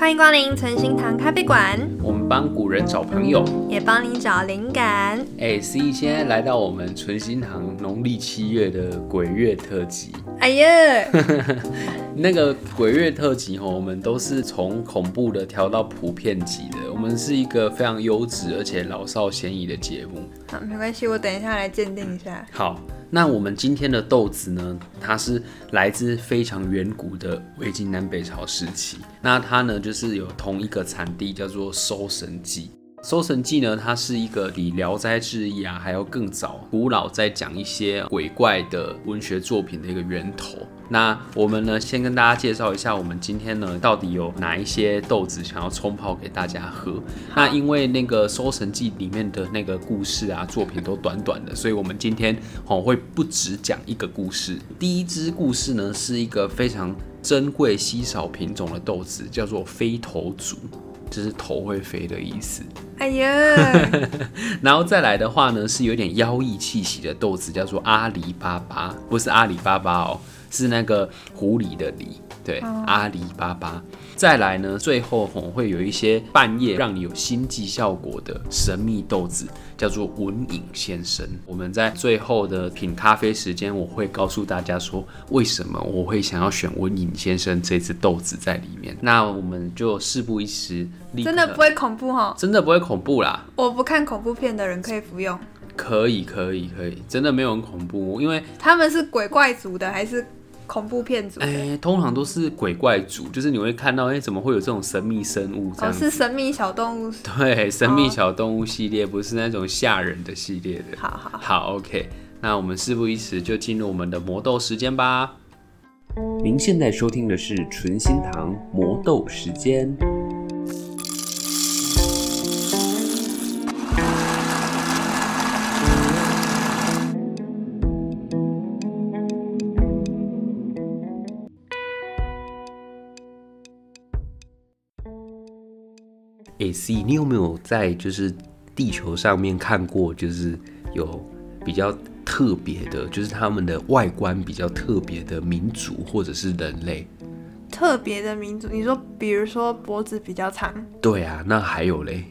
歡迎光臨存心堂咖啡館。幫古人找朋友，也幫你找靈感。哎，C，現在來到我們存心堂農曆七月的鬼月特輯。哎呀，那個鬼月特輯哈，我們都是從恐怖的調到普遍級的。我們是一個非常優質而且老少咸宜的節目。好，沒關係，我等一下來鑑定一下。好，那我們今天的豆子呢，它是來自非常遠古的魏晉南北朝時期。那它呢，就是有同一個產地叫做搜。《神記》《搜神記》呢，它是一個比、啊《聊齋志異》啊還要更早、古老，在講一些鬼怪的文學作品的一個源頭。那我們呢，先跟大家介紹一下，我們今天呢到底有哪一些豆子想要沖泡給大家喝。那因為那個《搜神記》裡面的那個故事啊，作品都短短的，所以我們今天會不止講一個故事。第一支故事呢，是一個非常珍貴稀少品種的豆子，叫做飛頭族。就是頭會飛的意思。哎呀， 然後再來的話呢，是有點妖異氣息的豆子，叫做阿狸爸爸，不是阿里巴巴哦，是那個狐狸的狸，對，哦、阿狸爸爸。再來呢，最後我們會有一些半夜讓你有心悸效果的神秘豆子，叫做文穎先生。我們在最後的品咖啡時間，我會告訴大家說，為什麼我會想要選文穎先生這隻豆子在裡面。那我們就事不宜遲，真的不會恐怖哈、哦，真的不會恐怖啦。我不看恐怖片的人可以服用，可以可以可以，真的沒有很恐怖，因為他們是鬼怪族的還是？恐怖片組，哎、欸，通常都是鬼怪組，就是你會看到，哎、欸，怎麼會有這種神秘生物這，哦？是神秘小動物，對，神秘小動物系列，哦，不是那種嚇人的系列的。好好好，OK，那我們事不宜遲，就進入我們的磨豆時間吧。您現在收聽的是存心堂磨豆時間。你有沒有在就是地球上面看過，就是有比較特別的，就是他們的外觀比較特別的民族，或者是人類特別的民族？你說，比如說，脖子比較長？對啊，那還有嘞？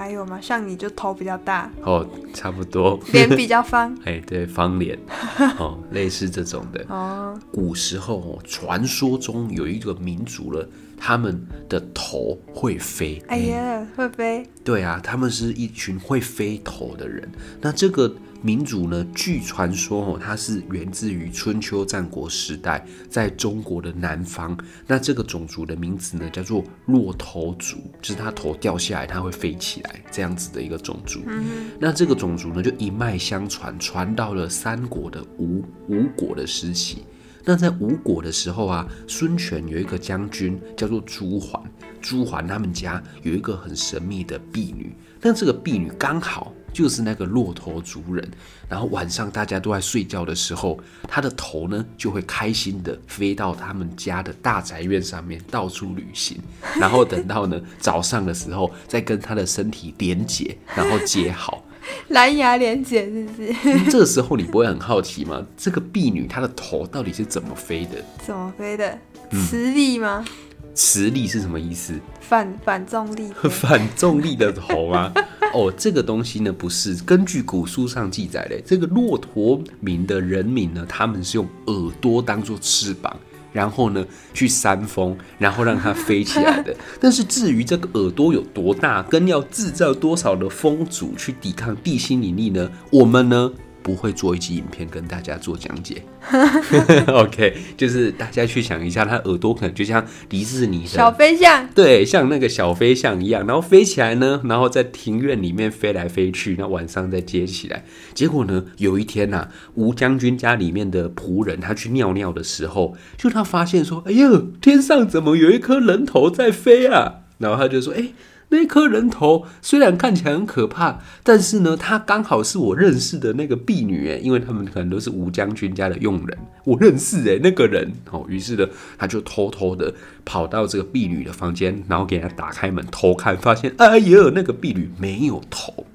還有嗎？像你就頭比較大哦，差不多，臉比較方， 哎，對，方臉， 哦，類似這種的哦。古時候哦，傳說中有一個民族了，他們的頭會飛。哎呀，嗯，會飛？對啊，他們是一群會飛頭的人。那這個。民族呢，據傳說哦，它是源自於春秋戰國時代，在中國的南方。那這個種族的名字呢，叫做落頭族，就是它頭掉下來，它會飛起來這樣子的一個種族，嗯。那這個種族呢，就一脈相傳，傳到了三國的吳吳國的時期。那在吳國的時候啊，孫權有一個將軍叫做朱桓，朱桓他們家有一個很神秘的婢女，那這個婢女剛好。就是那個落頭族人，然後晚上大家都在睡覺的時候，他的頭呢就會開心地飛到他們家的大宅院上面到處旅行，然後等到呢 早上的時候再跟他的身體連接，然後接好。藍牙連接是不是？ 嗯、這個時候你不會很好奇嗎？這個婢女她的頭到底是怎麼飛的？怎麼飛的？嗯、磁力嗎？磁力是什麼意思？反反重力？ 反重力的頭嗎？ 哦，這個東西呢，不是根據古書上記載的。這個落頭民的人民呢，他們是用耳朵當做翅膀，然後呢去扇風，然後讓它飛起來的。但是至於這個耳朵有多大，跟要製造多少的風阻去抵抗地心引力呢，我們呢？不會做一期影片跟大家做講解 ，OK，就是大家去想一下，他耳朵可能就像迪士尼的小飛象，對，像那個小飛象一樣，然後飛起來呢，然後在庭院裡面飛來飛去，那晚上再接起來，結果呢，有一天吶、啊，吳將軍家裡面的僕人他去尿尿的時候，就他發現說，哎呦，天上怎麼有一顆人頭在飛啊？然後他就說，哎。那顆人頭雖然看起來很可怕，但是呢，他剛好是我認識的那個婢女誒，因為他們可能都是吳將軍家的傭人，我認識誒，那個人哦，於是呢，他就偷偷的跑到這個婢女的房間，然後給她打開門偷看，發現哎呦，那個婢女沒有頭，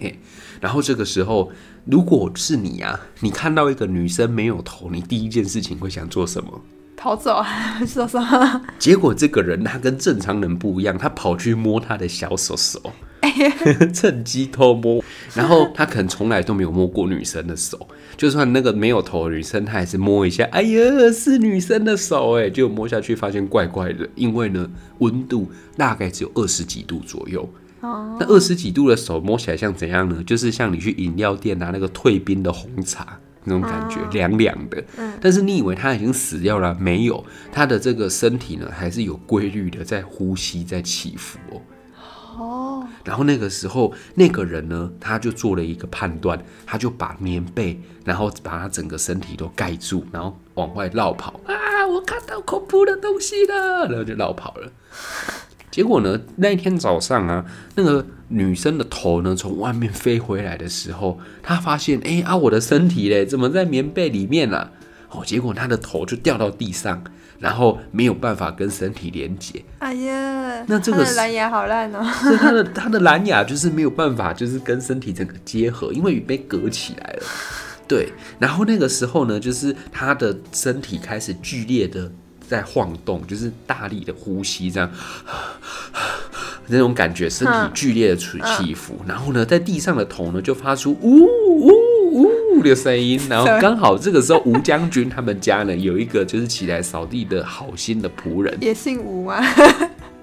哎， 然後這個時候，如果是你呀，啊，你看到一個女生沒有頭，你第一件事情會想做什麼？跑走啊，手手、啊！結果這個人他跟正常人不一樣，他跑去摸他的小手手，哎呀，趁機偷摸。然後他可能從來都沒有摸過女生的手，就算那個沒有頭的女生，他還是摸一下。哎呀，是女生的手哎，就摸下去發現怪怪的，因為呢溫度大概只有二十幾度左右。哦，那二十幾度的手摸起來像怎樣呢？就是像你去飲料店拿、啊、那個退冰的紅茶。那種感覺涼涼的。嗯，但是你以為他已經死掉了？沒有，他的這個身體呢，還是有規律的在呼吸，在起伏哦。哦。然後那個時候，那個人呢，他就做了一個判斷，他就把棉被，然後把他整個身體都蓋住，然後往外落跑啊！我看到恐怖的東西了，然後就落跑了。結果呢，那一天早上啊，那個。女生的頭呢，從外面飛回來的時候，她發現，哎、欸、啊，我的身體嘞，怎麼在棉被裡面了、啊？哦、喔，結果她的頭就掉到地上，然後沒有辦法跟身體連接。哎呀，那這個藍牙好爛哦！是他的，他的藍牙、喔、就是沒有辦法，就是跟身體整個結合，因為被隔起來了。對，然後那個時候呢，就是她的身體開始劇烈的在晃動，就是大力的呼吸這樣。那種感覺，身體劇烈的起伏，然後呢，在地上的頭呢，就發出嗚嗚嗚的聲音，然後剛好這個時候，吳將軍他們家呢，有一個就是起來掃地的好心的僕人、欸也，也姓吳嗎？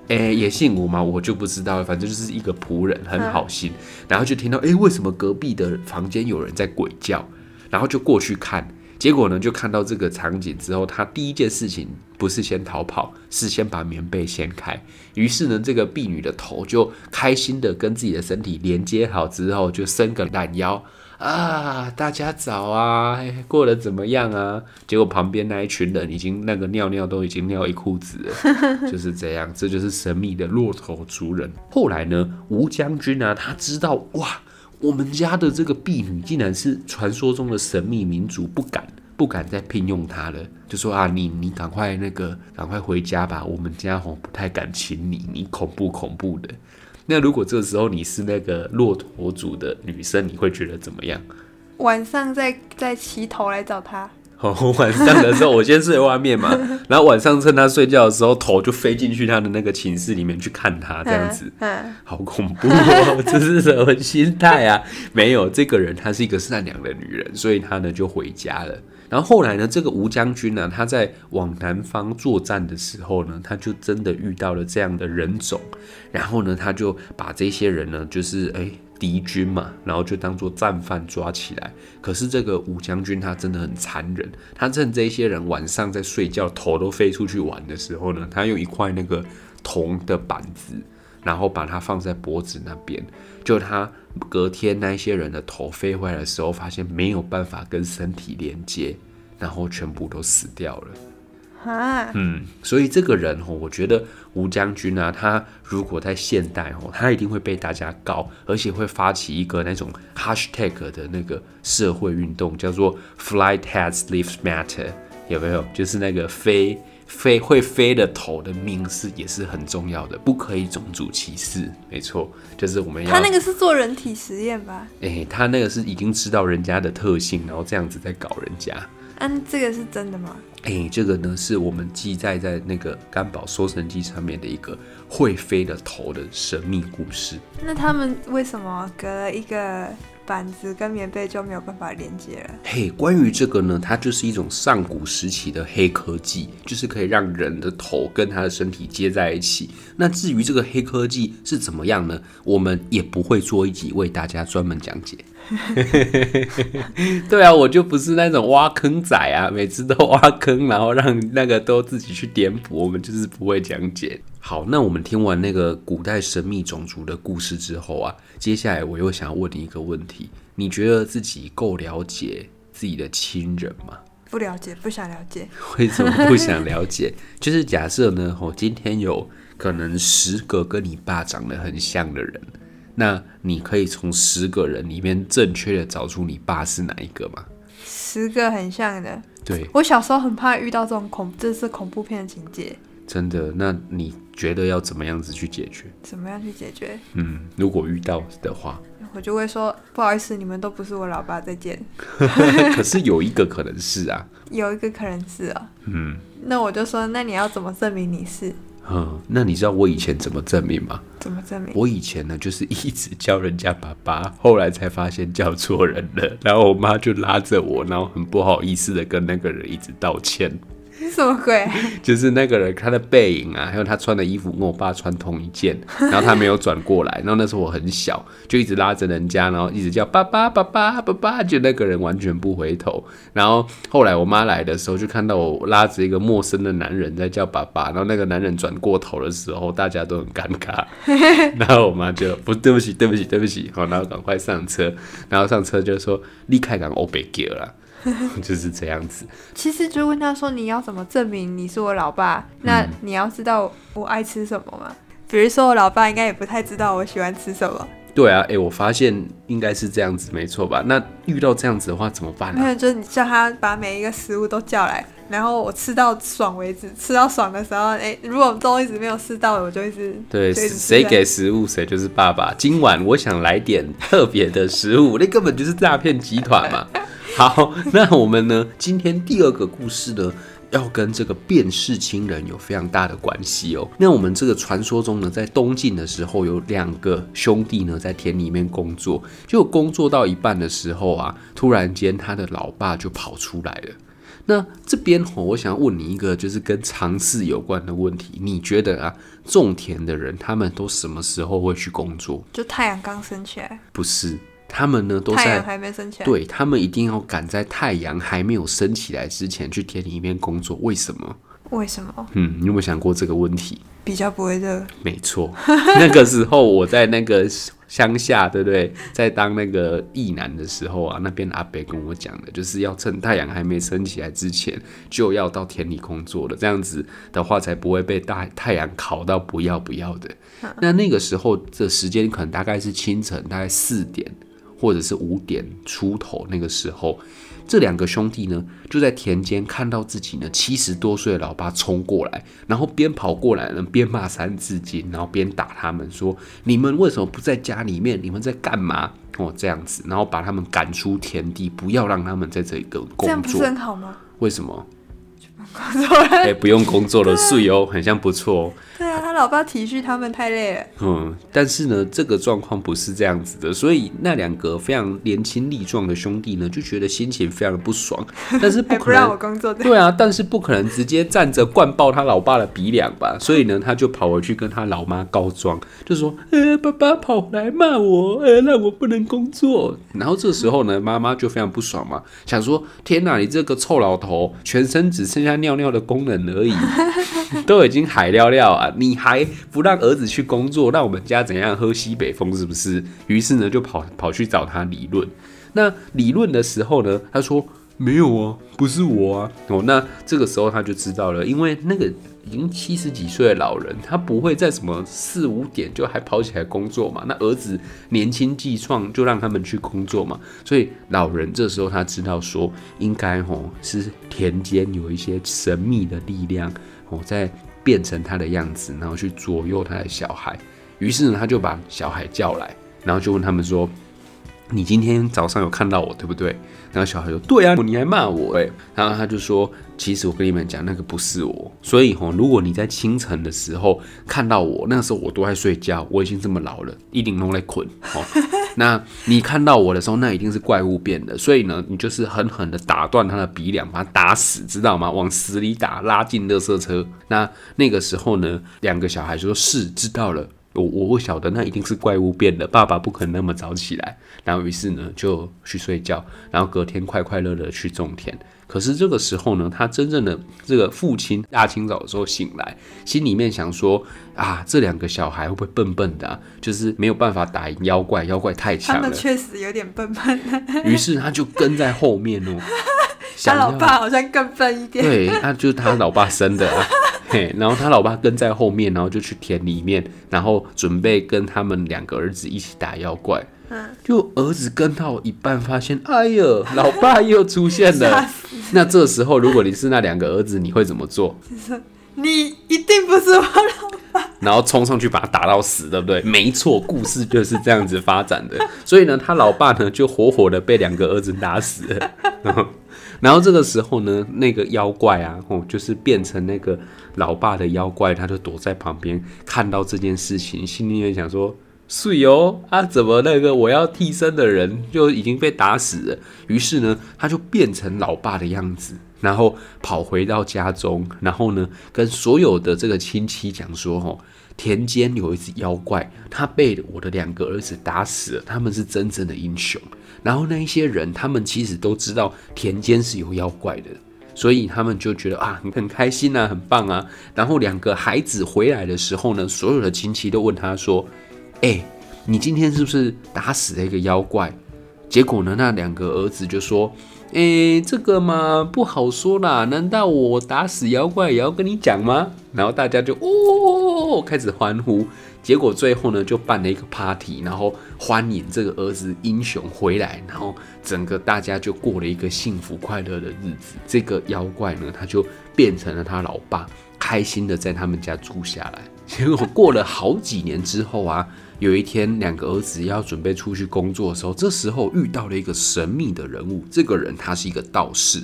哎、欸，也姓吳嗎？我就不知道，反正就是一個僕人，很好心，然後就聽到，哎，為什麼隔壁的房間有人在鬼叫？然後就過去看。結果呢，就看到這個場景之後，他第一件事情不是先逃跑，是先把棉被掀開。於是呢，這個婢女的頭就開心地跟自己的身體連接好之後，就伸個懶腰啊，大家早啊，過得怎麼樣啊？結果旁邊那一群人已經那個尿尿都已經尿一褲子了，就是這樣，這就是神秘的落頭族人。後來呢，吳將軍呢，啊，他知道哇。我們家的這個婢女竟然是傳說中的神秘民族，不敢不敢，再聘用她了。就說啊，你你趕快那個趕快回家吧，我們家紅不太敢請你，你恐怖恐怖的。那如果這個時候你是那個落頭族的女生，你會覺得怎麼樣？晚上再再騎頭來找她。好， 晚上的時候我先睡外面嘛，然後晚上趁他睡覺的時候，頭就飛進去他的那個寢室裡面去看他，這樣子，好恐怖哦！這是什麼心態啊？沒有，這個人她是一個善良的女人，所以她呢就回家了。然後後來呢，這個吳將軍呢、啊，他在往南方作戰的時候呢，他就真的遇到了這樣的人種，然後呢，他就把這些人呢，就是哎、欸。敵軍嘛，然後就當做戰犯抓起來。可是這個武將軍他真的很殘忍，他趁這些人晚上在睡覺，頭都飛出去玩的時候呢，他用一塊那個銅的板子，然後把它放在脖子那邊。就他隔天那些人的頭飛回來的時候，發現沒有辦法跟身體連接，然後全部都死掉了。啊？嗯。所以這個人、哦、我覺得。吳將軍啊，他如果在現代哦，他一定會被大家告，而且會發起一個那種 hashtag 的那個社會運動，叫做 “Fly Heads Lives Matter”，有沒有？就是那個飛飛會飛的頭的命是也是很重要的，不可以種族歧視。沒錯，就是我們要，他那個是做人體實驗吧？哎、欸，他那個是已經知道人家的特性，然後這樣子在搞人家。嗯、啊，這個是真的嗎？誒、欸，這個呢，是我們記載在那個《干寶搜神記》上面的一個會飛的頭的神秘故事。那他們為什麼隔了一個板子跟棉被就沒有辦法連接了？嘿、欸，關於這個呢，它就是一種上古時期的黑科技，就是可以讓人的頭跟他的身體接在一起。那至於這個黑科技是怎麼樣呢？我們也不會做一集為大家專門講解。 對啊，我就不是那種挖坑仔啊，每次都挖坑，然後讓那個都自己去填補，我們就是不會講解。好，那我們聽完那個古代神秘種族的故事之後啊，接下來我又想問你一個問題：你覺得自己夠了解自己的親人嗎？不了解，不想了解。 為什麼不想了解？就是假設呢，哦，今天有可能十個跟你爸長得很像的人。那你可以從十個人裡面正確的找出你爸是哪一個嗎？十個很像的，對我小時候很怕遇到這種恐，這、就是恐怖片的情節。真的？那你覺得要怎麼樣子去解決？怎麼樣去解決？嗯，如果遇到的話，我就會說不好意思，你們都不是我老爸再見。 可是有一個可能是啊，有一個可能是啊、哦，嗯，那我就說，那你要怎麼證明你是？嗯，那你知道我以前怎麼證明嗎？怎麼證明？我以前呢，就是一直叫人家爸爸，後來才發現叫錯人了，然後我媽就拉着我，然後很不好意思的跟那個人一直道歉。什麼鬼、啊？就是那個人，他的背影啊，還有他穿的衣服跟我爸穿同一件，然後他沒有轉過來，然後那時候我很小，就一直拉着人家，然後一直叫爸爸爸爸爸爸，就那個人完全不回頭。然後後來我媽來的時候，就看到我拉着一個陌生的男人在叫爸爸，然後那個男人轉過頭的時候，大家都很尷尬。然後我媽就不對不起對不起對不起，好，然後趕快上車，然後上車就說離開港歐北叫了。 就是這樣子 。其實就問他說：“你要怎麼證明你是我老爸？”嗯、那你要知道我愛吃什麼嗎？比如說，我老爸應該也不太知道我喜歡吃什麼。對啊，哎、欸，我發現應該是這樣子，沒錯吧？那遇到這樣子的話怎麼辦、啊？呢？就是你叫他把每一個食物都叫來，然後我吃到爽為止。吃到爽的時候，哎、欸，如果我都一直沒有吃到的，我就是對誰給食物，誰就是爸爸。今晚我想來點特別的食物， 那根本就是詐騙集團嘛。 好，那我們呢？今天第二個故事呢，要跟這個辨識親人有非常大的關係哦。那我們這個傳說中呢，在東晉的時候，有兩個兄弟呢，在田裡面工作，就工作到一半的時候啊，突然間他的老爸就跑出來了。那這邊哈，我想問你一個就是跟常識有關的問題，你覺得啊，種田的人他們都什麼時候會去工作？就太陽剛升起來？不是。他們呢都在，太陽還沒升起來。對，他們一定要趕在太陽還沒有升起來之前去田裡一邊工作。為什麼？為什麼？嗯，你有沒有想過這個問題？嗯，比較不會熱。沒錯，那個時候我在那個鄉下， 對不對，對？在當那個役男的時候啊，那邊阿北跟我講的，就是要趁太陽還沒升起來之前就要到田裡工作了，這樣子的話才不會被大太陽烤到不要不要的。啊，那那個時候的時間可能大概是清晨，大概四點。或者是五點出頭那個時候，這兩個兄弟呢就在田間看到自己呢七十多歲的老爸衝過來，然後邊跑過來呢邊罵三字經，然後邊打他們說：“你們為什麼不在家裡面？你們在幹嘛？”哦，這樣子，然後把他們趕出田地，不要讓他們在這一個工作，這樣不是很好嗎？為什麼？哎、欸，不用工作了，自由，很像不錯哦。對啊，他老爸體恤他們太累了。嗯，但是呢，這個狀況不是這樣子的，所以那兩個非常年輕力壯的兄弟呢，就覺得心情非常的不爽。但是不，可能不讓我工作對，對啊，但是不可能直接站着灌爆他老爸的鼻梁吧？所以呢，他就跑回去跟他老媽告狀，就說：“呃、欸，爸爸跑來罵我，呃、欸，讓我不能工作。”然後這時候呢，媽媽就非常不爽嘛，想說：“天哪、啊，你這個臭老頭，全身只剩下尿尿的功能而已， 都已經海尿尿啊。你還不讓兒子去工作，讓我們家怎樣喝西北風是不是？於是呢，就跑跑去找他理論。那理論的時候呢，他說沒有啊，不是我啊。哦，那這個時候他就知道了，因為那個已經七十幾歲的老人，他不會在什麼四五點就還跑起來工作嘛。那兒子年輕氣壯，就讓他們去工作嘛。所以老人這時候他知道說，應該哦是田間有一些神秘的力量哦在。變成他的樣子，然後去左右他的小孩。於是呢，他就把小孩叫來，然後就問他們說，你今天早上有看到我，對不對？然後小孩說：“對啊，你還罵我誒。”誒然後他就說：“其實我跟你們講，那個不是我。所以吼，如果你在清晨的時候看到我，那時候我都在睡覺。我已經這麼老了，一定弄來睏。哈、哦，那你看到我的時候，那一定是怪物變的。所以呢，你就是狠狠的打斷他的鼻梁，把他打死，知道嗎？往死裡打，拉進垃圾車。那那個時候呢，兩個小孩說是知道了。”我我曉得，那一定是怪物變的，爸爸不可能那麼早起來，然後於是呢就去睡覺，然後隔天快快樂樂去種田。可是這個時候呢，他真正的這個父親大清早的時候醒來，心裡面想說啊，這兩個小孩會不會笨笨的啊，就是沒有辦法打贏妖怪，妖怪太強了。他們確實有點笨笨的。於是他就跟在後面哦、喔， 他老爸好像更笨一點。對，他就是他老爸生的啊， 然後他老爸跟在後面，然後就去田裡面，然後準備跟他們兩個兒子一起打妖怪。就兒子跟到一半，發現哎呦，老爸又出現了。那這時候，如果你是那兩個兒子，你會怎麼做？你一定不是我老爸。然後衝上去把他打到死，對不對？沒錯，故事就是這樣子發展的。所以呢，他老爸呢就活活的被兩個兒子打死了。嗯。然後，這個時候呢，那個妖怪啊，哦、嗯，就是變成那個老爸的妖怪，他就躲在旁邊，看到這件事情，心裡就想說。所以哦，啊，怎麼那個我要替身的人就已經被打死了？於是呢，他就變成老爸的樣子，然後跑回到家中，然後呢，跟所有的這個親戚講說，哈，田間有一隻妖怪，他被我的兩個兒子打死了，他們是真正的英雄。然後那一些人，他們其實都知道田間是有妖怪的，所以他們就覺得啊，很開心吶、啊，很棒啊。然後兩個孩子回來的時候呢，所有的親戚都問他說，哎，你今天是不是打死了一個妖怪？結果呢，那兩個兒子就說：“哎，這個嘛，不好說啦。難道我打死妖怪也要跟你講嗎？”然後大家就哦，哦，哦，哦，開始歡呼。結果最後呢，就辦了一個 party，然後歡迎這個兒子英雄回來，然後整個大家就過了一個幸福快樂的日子。這個妖怪呢，他就變成了他老爸，開心的在他們家住下來。結果過了好幾年之後啊。有一天，兩個兒子要準備出去工作的時候，這時候遇到了一個神秘的人物。這個人他是一個道士，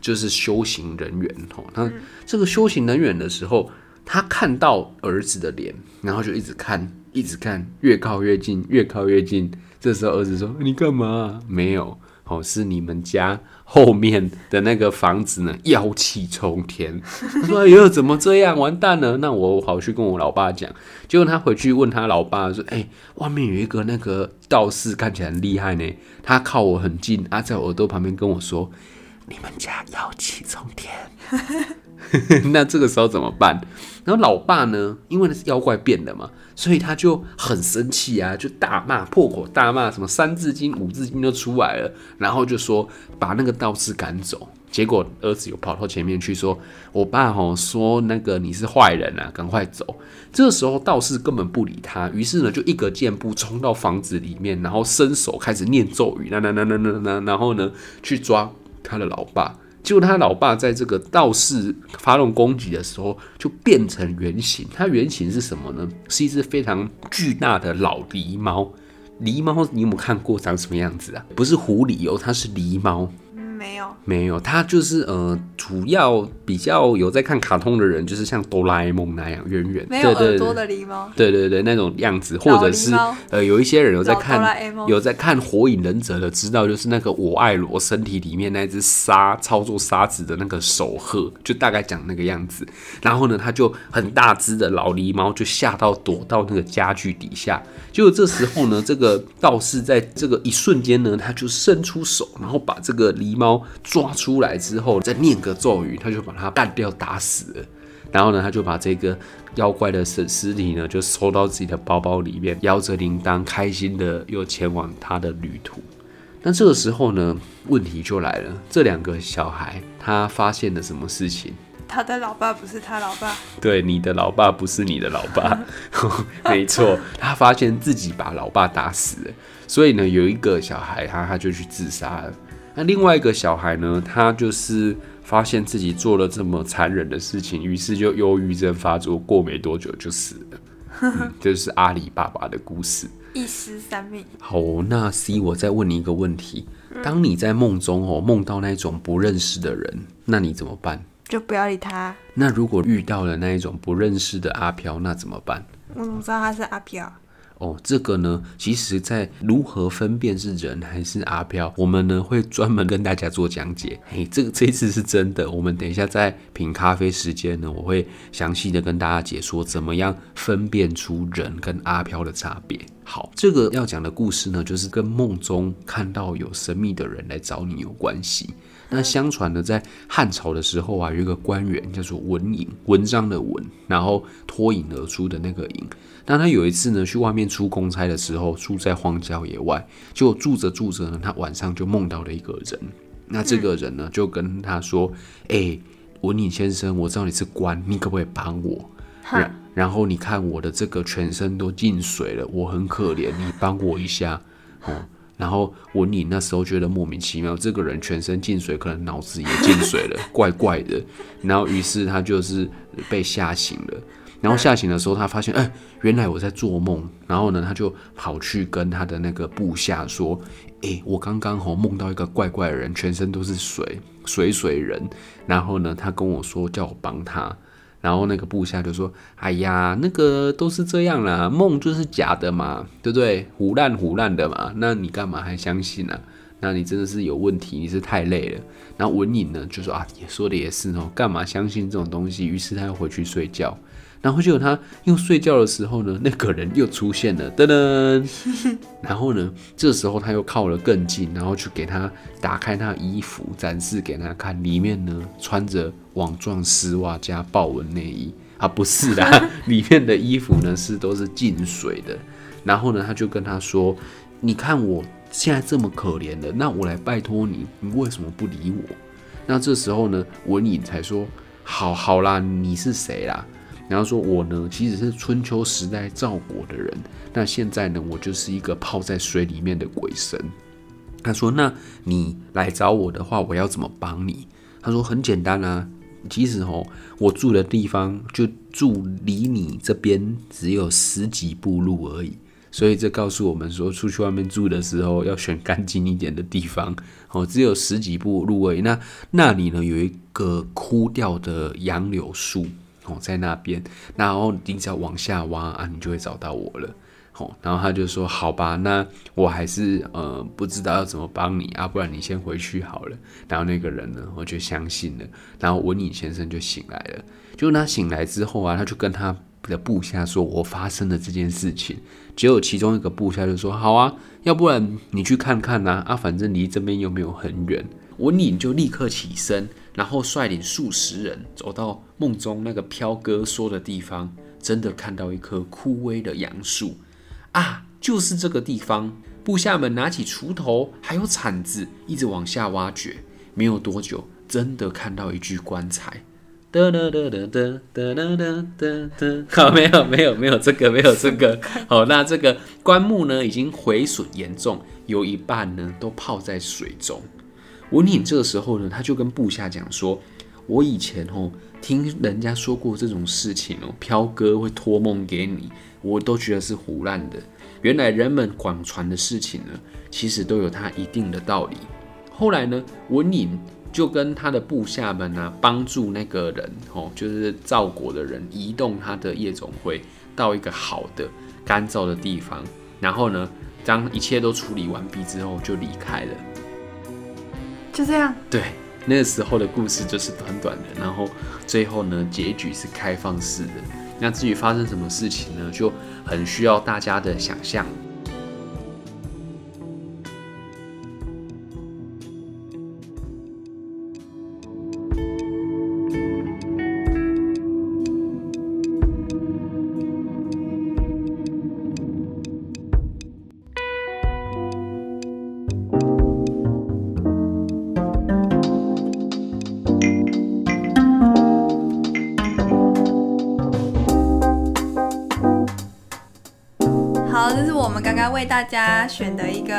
就是修行人員。吼，那這個修行人員的時候，他看到兒子的臉，然後就一直看，一直看，越靠越近，越靠越近。這時候兒子說：“你幹嘛？”沒有，吼，是你們家。後面的那個房子呢，妖氣沖天。他說：“喲、哎，怎麼這樣？完蛋了！那我跑去跟我老爸講。”結果他回去問他老爸說：“哎、欸，外面有一個那個道士看起來很厲害呢，他靠我很近，啊，在我耳朵旁邊跟我說：‘你們家妖氣沖天。 ’ 那這個時候怎麼辦？然後老爸呢，因為那是妖怪變的嘛。”所以他就很生氣啊，就大罵破口大罵，什麼三字經五字經都出來了，然後就說把那個道士趕走。結果兒子又跑到前面去說：“我爸吼說那個你是壞人啊，趕快走。”這個時候道士根本不理他，於是呢就一個箭步衝到房子裡面，然後伸手開始念咒語，啦啦啦啦啦啦，然後呢去抓他的老爸。就他老爸在這個道士發動攻擊的時候，就變成原形。它原形是什麼呢？是一隻非常巨大的老狸貓。狸貓你有沒有看過？長什麼樣子啊？不是狐狸哦，它是狸貓。沒有，沒有，他就是呃，嗯、主要比較有在看卡通的人，就是像哆啦 A 夢那樣圓圓，沒有耳朵的狸貓，遠遠的對對，對對對，那種樣子，或者是呃，有一些人有在看，有在看火影忍者的，知道就是那個我愛羅身體裡面那只沙操作沙子的那個守鶴，就大概講那個樣子。然後呢，他就很大只的老狸貓就嚇到躲到那個家具底下。就這時候呢，這個道士在這個一瞬間呢，他就伸出手，然後把這個狸貓。然後抓出來之後，再念個咒語，他就把他幹掉打死了。然後呢，他就把這個妖怪的屍屍體呢，就收到自己的包包裡面，搖着鈴鐺，開心的又前往他的旅途。那這個時候呢，問題就來了：這兩個小孩他發現了什麼事情？他的老爸不是他老爸。對，你的老爸不是你的老爸。 沒錯，他發現自己把老爸打死了，所以呢，有一個小孩他他就去自殺了。那另外一個小孩呢？他就是發現自己做了這麼殘忍的事情，於是就憂鬱症發作，過沒多久就死了。這、 嗯，就是阿狸爸爸的故事，一屍三命。好、哦，那 C，我再問你一個問題、嗯：當你在夢中哦，夢到那種不認識的人，那你怎麼辦？就不要理他。那如果遇到了那一種不認識的阿飄，那怎麼辦？我怎麼知道他是阿飄？哦，這個呢，其實，在如何分辨是人還是阿飄，我們呢會專門跟大家做講解。嘿，這個這次是真的，我們等一下在品咖啡時間呢，我會詳細的跟大家解說怎麼樣分辨出人跟阿飄的差別。好，這個要講的故事呢，就是跟夢中看到有神秘的人來找你有關係。那相傳呢，在漢朝的時候啊，有一個官員叫做文穎，文章的文，然後脫穎而出的那個穎。那他有一次呢，去外面出公差的時候，住在荒郊野外，就住着住着呢，他晚上就夢到了一個人。那這個人呢，就跟他說：“哎，嗯，欸，文穎先生，我知道你是官，你可不可以幫我？嗯，然，然後你看我的這個全身都進水了，我很可憐，你幫我一下。嗯”然後文穎那時候覺得莫名其妙，這個人全身進水，可能腦子也進水了， 怪怪的。然後於是他就是被嚇醒了。然後嚇醒的時候，他發現，哎、欸，原來我在做夢。然後呢，他就跑去跟他的那個部下說，哎、欸，我剛剛哦夢到一個怪怪的人，全身都是水，水水人。然後呢，他跟我說叫我幫他。然後那個部下就說，哎呀，那個都是這樣啦，夢就是假的嘛，對不對？胡亂胡亂的嘛，那你幹嘛還相信呢、啊？那你真的是有問題，你是太累了。然後文穎呢就說啊，也說的也是哦，幹嘛相信這種東西？於是他又回去睡覺。然後就有他，又睡覺的時候呢，那個人又出現了，噔噔。然後呢，這時候他又靠了更近，然後去給他打開他的衣服，展示給他看，裡面呢穿着網狀絲襪加豹紋內衣啊，不是啦，裡面的衣服呢是都是浸水的。然後呢，他就跟他說：“你看我現在這麼可憐了，那我來拜託你，你為什麼不理我？”那這時候呢，文穎才說：“好好啦，你是誰啦？”然後說：“我呢，其實是春秋時代趙國的人。那現在呢，我就是一個泡在水裡面的鬼神。”他說：“那你來找我的話，我要怎麼幫你？”他說：“很簡單啊，其實哦，我住的地方就住離你這邊只有十幾步路而已。所以這告訴我們說，出去外面住的時候要選乾淨一點的地方哦，只有十幾步路而已。那那裡呢，有一個枯掉的楊柳樹。”在那邊，然後你只要往下挖啊，你就會找到我了。好，然後他就說：“好吧，那我還是呃，不知道要怎麼幫你啊，不然你先回去好了。”然後那個人呢，我就相信了。然後文穎先生就醒來了。就他醒來之後啊，他就跟他的部下說：“我發生了這件事情。”結果其中一個部下就說：“好啊，要不然你去看看吶啊，啊，反正離這邊又沒有很遠。”文穎就立刻起身。然後率領數十人走到夢中那個飄哥說的地方，真的看到一棵枯萎的楊樹啊，就是這個地方。部下們拿起鋤頭還有鏟子，一直往下挖掘。沒有多久，真的看到一具棺材。噠噠噠噠噠噠噠噠噠，噠，噠，噠，噠，噠，噠，噠，噠。好，沒有沒有沒有這個沒有這個。好，那這個棺木呢，已經毀損嚴重，有一半呢都泡在水中。文穎這個時候呢，他就跟部下講說：“我以前哦，聽人家說過這種事情哦，飄哥會托夢給你，我都覺得是胡亂的。原來人們廣傳的事情呢，其實都有他一定的道理。”後來呢，文穎就跟他的部下們呢，啊，幫助那個人哦，就是趙國的人，移動他的夜總會到一個好的、乾燥的地方。然後呢，當一切都處理完畢之後，就離開了。就這樣，對那個時候的故事就是短短的，然後最後呢，結局是開放式的。那至於發生什麼事情呢，就很需要大家的想象。這是我們剛剛為大家選的一個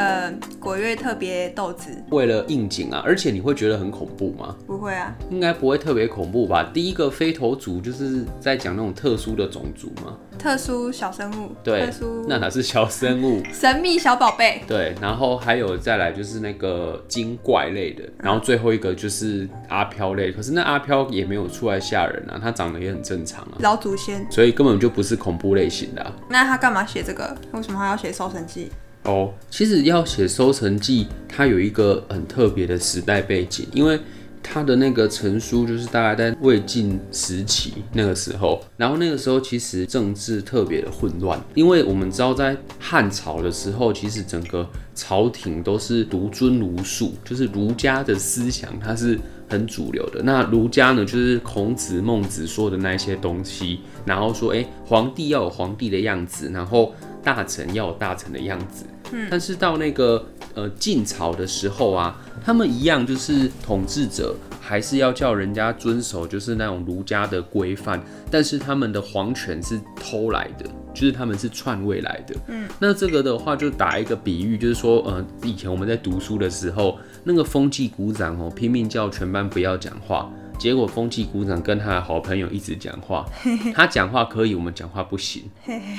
鬼月特別豆子，為了應景啊！而且你會覺得很恐怖嗎？不會啊，應該不會特別恐怖吧？第一個飛頭族就是在講那種特殊的種族嘛，特殊小生物，對，特殊那哪是小生物？ 神秘小寶貝，對。然後還有再來就是那個精怪類的，然後最後一個就是阿飄類。可是那阿飄也沒有出來嚇人啊，他長得也很正常啊，老祖先，所以根本就不是恐怖類型的啊。那他幹嘛寫這個？為什麼還要寫《搜神記》？哦，其實要寫《搜神記》，它有一個很特別的時代背景，因為它的那個成書就是大概在魏晉時期那個時候。然後那個時候其實政治特別的混亂，因為我們知道在漢朝的時候，其實整個朝廷都是獨尊儒術，就是儒家的思想它是很主流的。那儒家呢，就是孔子、孟子說的那些東西，然後說，哎、欸，皇帝要有皇帝的樣子，然後。大臣要有大臣的樣子，嗯，但是到那個呃晉朝的時候啊，他們一樣就是統治者還是要叫人家遵守，就是那種儒家的規範，但是他們的皇權是偷來的，就是他們是篡位來的，嗯，那這個的話就打一個比喻，就是說，呃，以前我們在讀書的時候，那個風紀股長哦，拼命叫全班不要講話。結果風紀股長，跟他的好朋友一直講話。他講話可以，我們講話不行。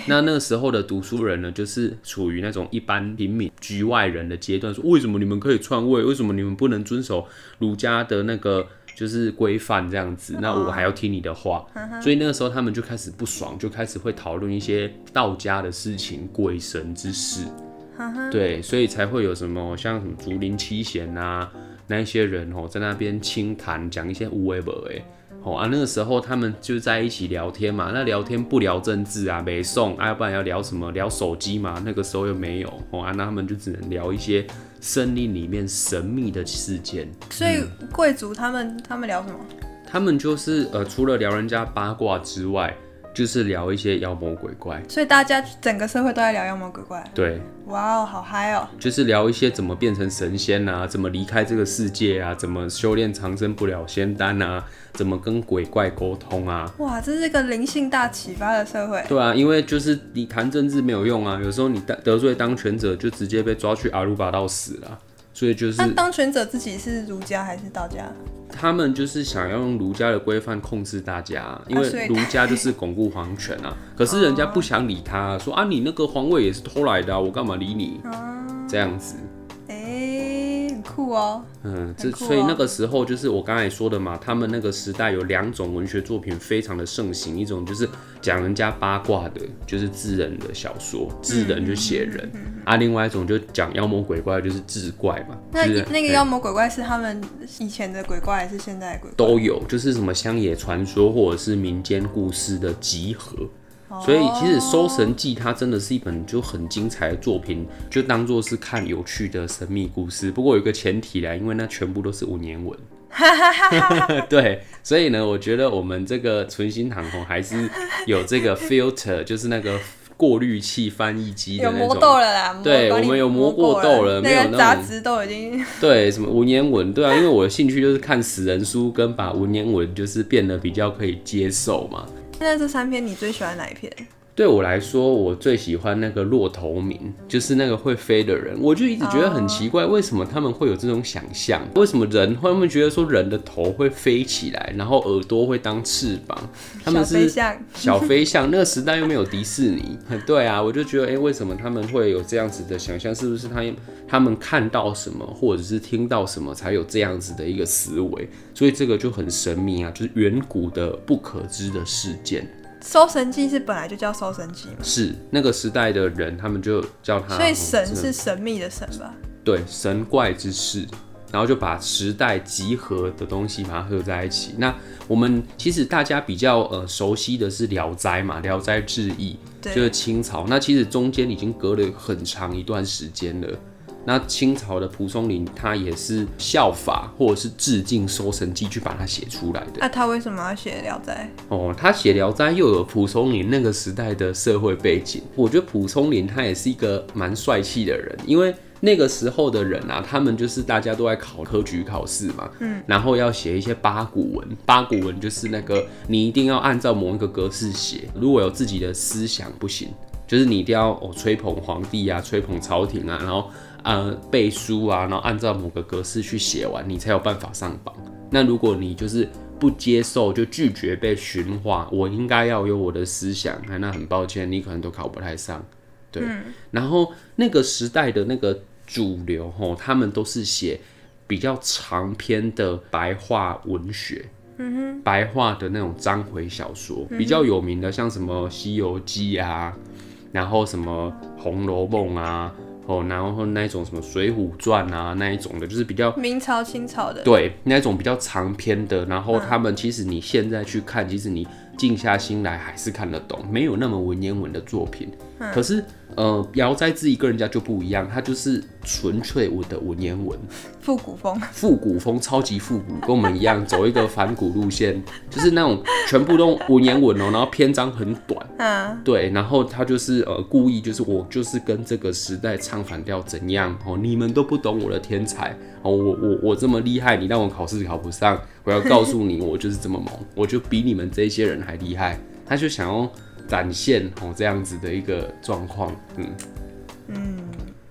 那那個時候的讀書人呢，就是處於那種一般平民、局外人的階段。說為什麼你們可以篡位？為什麼你們不能遵守儒家的那個就是規範？這樣子，那我還要聽你的話？所以那個時候他們就開始不爽，就開始會討論一些道家的事情、鬼神之事。對，所以才會有什麼像什麼竹林七賢啊。那些人哦，在那邊清談，講一些烏為不哦啊，那個時候他們就在一起聊天嘛，那聊天不聊政治啊，沒送。啊，要不然要聊什麼？聊手機嘛，那個時候又沒有哦啊，那他們就只能聊一些生命裡面神秘的事件。所以貴族他們、嗯、他們聊什麼？他們就是呃，除了聊人家八卦之外。就是聊一些妖魔鬼怪，所以大家整個社會都在聊妖魔鬼怪。對，哇哦，好嗨哦！就是聊一些怎麼變成神仙啊，怎麼離開這個世界啊，怎麼修煉長生不老仙丹啊，怎麼跟鬼怪溝通啊？哇，這是一個靈性大啟發的社會。對啊，因為就是你談政治沒有用啊，有時候你得得罪當權者，就直接被抓去阿魯巴到死了。所以就是，當權者自己是儒家還是道家？他們就是想要用儒家的規範控制大家，因為儒家就是鞏固皇權啊。可是人家不想理他，說啊，你那個皇位也是偷來的啊，我幹嘛理你？這樣子，哎。很酷哦，嗯這哦，所以那個時候就是我剛才說的嘛，他們那個時代有兩種文學作品非常的盛行，一種就是講人家八卦的，就是志人的小說，志人就寫人，嗯、啊，另外一種就講妖魔鬼怪，就是志怪嘛，嗯。那那個妖魔鬼怪是他們以前的鬼怪，還是現在的鬼怪？都有，就是什麼鄉野傳說或者是民間故事的集合。所以其實《搜神記》它真的是一本就很精彩的作品，就當做是看有趣的神秘故事。不過有個前提啦，因為那全部都是文言文。 對，所以呢，我覺得我們這個存心堂航空還是有這個 filter， 就是那個過濾器翻譯機的那種。有磨豆了啦，對，我們有磨過豆了，沒有那雜質都已經。 對，什麼文言文？對啊，因為我的興趣就是看死人書，跟把文言文就是變得比較可以接受嘛。現在這三篇，你最喜歡哪一篇？對我來說，我最喜歡那個落頭民，就是那個會飛的人。我就一直覺得很奇怪，為什麼他們會有這種想象？為什麼人會他們覺得說人的頭會飛起來，然後耳朵會當翅膀？他們是小飛象。小飛象，那個時代又沒有迪士尼，對啊，我就覺得哎、欸，為什麼他們會有這樣子的想象？是不是他他們看到什麼，或者是聽到什麼，才有這樣子的一個思維？所以這個就很神秘啊，就是遠古的不可知的事件。《搜神記》是本來就叫《搜神記》嗎？是那個時代的人，他們就叫它。所以神是神秘的神吧？嗯、對，神怪之事，然後就把時代集合的東西把它合在一起。那我們其實大家比較呃熟悉的是《聊齋》嘛，《聊齋志異》對，就是清朝，那其實中間已經隔了很長一段時間了。那清朝的蒲松齡，他也是效法或者是致敬《搜神記》去把它寫出來的。那、啊、他為什麼要寫《聊齋》？哦，他寫《聊齋》又有蒲松齡那個時代的社會背景。我覺得蒲松齡他也是一個蠻帥氣的人，因為那個時候的人啊，他們就是大家都在考科舉考試嘛，嗯，然後要寫一些八股文。八股文就是那個你一定要按照某一個格式寫，如果有自己的思想不行。就是你一定要哦吹捧皇帝啊，吹捧朝廷啊，然後呃背書啊，然後按照某個格式去寫完，你才有辦法上榜。那如果你就是不接受，就拒絕被馴化，我應該要有我的思想。那很抱歉，你可能都考不太上。對。嗯、然後那個時代的那個主流吼、哦，他們都是寫比較長篇的白話文學，嗯哼、白話的那種章回小說，比較有名的、嗯、像什麼《西遊記》啊。然後什麼《紅樓夢》啊，哦，然後那一種什麼《水滸傳》啊，那一種的，就是比較明朝、清朝的，對，那種比較長篇的。然後他們其實你現在去看，其實你靜下心來還是看得懂，沒有那麼文言文的作品。可是，呃，聊齋誌異跟人家就不一樣，他就是純粹我的文言文，復古風，復古風，超級復古，跟我們一樣走一個反古路線，就是那種全部都文言文哦，然後篇章很短，嗯、啊，對，然後他就是呃故意就是我就是跟這個時代唱反調，怎樣哦，你們都不懂我的天才哦，我我我這麼厲害，你讓我考試考不上，我要告訴你，我就是這麼猛，我就比你們這些人還厲害，他就想要。展現哦，這樣子的一個狀況，嗯嗯，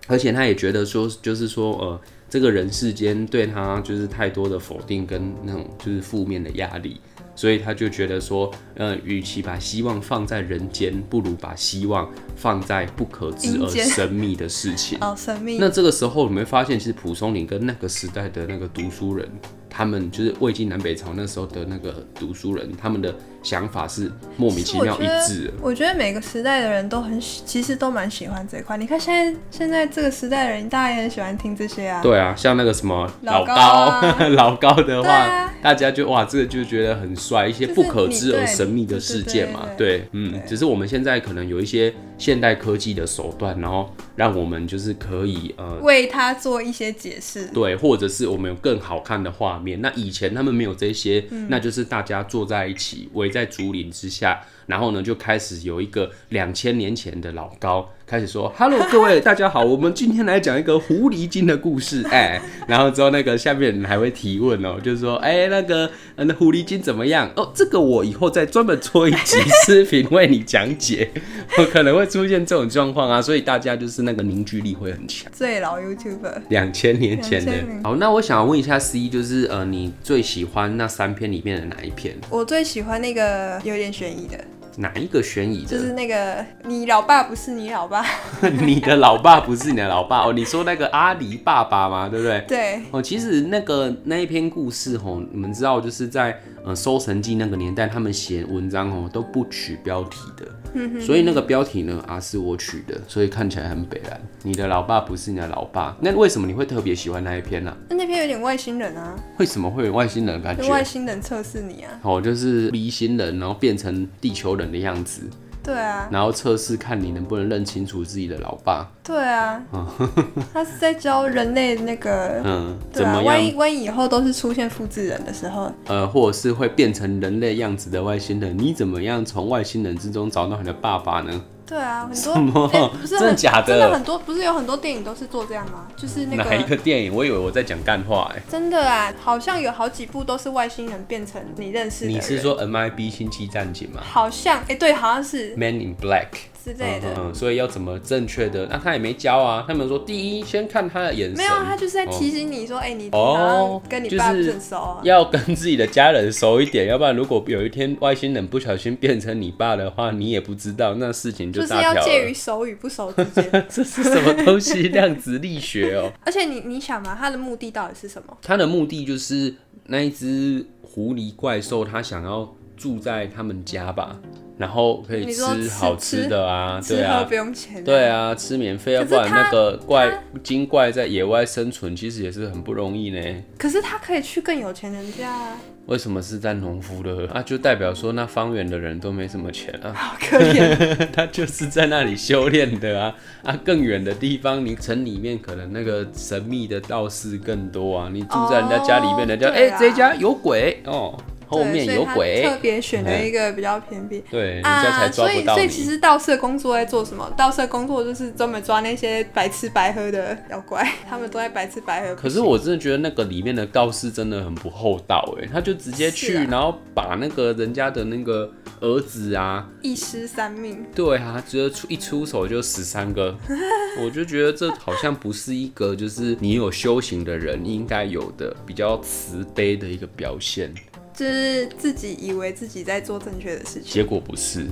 而且他也覺得說，就是說，呃，這個人世間對他就是太多的否定跟那種就是負面的壓力，所以他就覺得說，呃，與其把希望放在人間，不如把希望放在不可知而神秘的事情。哦，神秘。那這個時候，你會發現，其實蒲松齡跟那個時代的那個讀書人。他們就是魏晉南北朝那時候的那個讀書人，他們的想法是莫名其妙一致的我。我覺得每個時代的人都很喜，其實都蠻喜歡這一塊。你看現在現在這個時代的人，大家也很喜歡聽這些啊。對啊，像那個什麼老高、啊、老高的話，啊、大家就哇這個就覺得很帥，一些不可知而神秘的事件嘛。就是、對，對，對，嗯對，只是我們現在可能有一些現代科技的手段，然後讓我們就是可以呃為他做一些解釋。對，或者是我們有更好看的話。那以前他們沒有這些，嗯，那就是大家坐在一起，圍在竹林之下。然後呢，就開始有一個兩千年前的老高開始說：“Hello，各位大家好， 我們今天來講一個狐狸精的故事。欸”哎，然後之後那個下面人還會提問哦、喔，就是說：“哎、欸，那個、嗯、那狐狸精怎麼樣？”哦、oh，這個我以後再專門做一集視頻為你講解。我、oh, 可能會出現這種狀況啊，所以大家就是那個凝聚力會很強。最老 YouTuber，兩千年前的年前。好，那我想要問一下 C，就是呃，你最喜歡那三篇裡面的哪一篇？我最喜歡那個有點懸疑的。哪一個懸疑的？就是那個你老爸不是你老爸。 你的老爸不是你的老爸哦。Oh, 你說那個阿狸爸爸嗎？對不對？對。哦，oh，其實那個那一篇故事哦，你們知道，就是在嗯《搜神記》成績那個年代，他們寫文章哦都不取標題的。 所以那個標題呢啊是我取的，所以看起來很北然。你的老爸不是你的老爸，那為什麼你會特別喜歡那一篇呢、啊？那那篇有點外星人啊。為什麼會有外星人的感覺？外星人測試你啊。哦、oh,，就是離星人，然後變成地球人的樣子。對啊，然後測試看你能不能認清楚自己的老爸。對啊， 他是在教人類那個嗯對啊，怎麼樣？萬一萬一以後都是出現複制人的時候，呃，或者是會變成人類樣子的外星人，你怎麼樣從外星人之中找到你的爸爸呢？對啊，很多、欸、不是很，真的假的，真的很多，不是有很多電影都是做這樣嗎？就是、那個，哪一個電影？我以為我在講幹話、欸，真的啊，好像有好幾部都是外星人變成你認識的。你是說《MIB 星際戰警》嗎？好像哎，欸、對，好像是《Man in Black》。之類的嗯，嗯，所以要怎麼正確的？那、啊、他也沒教啊。他們說，第一先看他的眼神，沒有、啊，他就是在提醒你說，哎、哦欸，你不要、oh, 跟你爸不正熟、啊，就是、要跟自己的家人熟一點，要不然如果有一天外星人不小心變成你爸的話，你也不知道，那事情就大條了。就是要介於熟與不熟之間。 這是什麼東西？量子力學哦、喔。 而且你你想嘛，他的目的到底是什麼？他的目的就是那一只狐狸怪獸，他想要。住在他們家吧，然後可以吃好吃的啊，對啊，不用錢，對啊，吃免費啊。不然那個怪精怪在野外生存，其實也是很不容易呢。可是他可以去更有錢人家、啊。為什麼是在農夫的？啊，就代表說那方圓的人都沒什麼錢啊。好可憐， 他就是在那裡修煉的啊。啊，更遠的地方，你城裡面可能那個神秘的道士更多啊。你住在人家家裡面，oh, 人家哎、啊欸，這一家有鬼哦。後面有鬼，欸，特別選了一個比較偏僻，嗯、對、啊、人家才抓不到，所以所以其實道士工作在做什麼？道士工作就是專門抓那些白吃白喝的妖怪，他們都在白吃白喝。可是我真的覺得那個裡面的道士真的很不厚道哎，欸，他就直接去，啊，然後把那個人家的那個兒子啊，一屍三命。對啊，他覺得出一出手就十三個， 我就覺得這好像不是一個就是你有修行的人應該有的比較慈悲的一個表現。就是自己以為自己在做正確的事情，結果不是。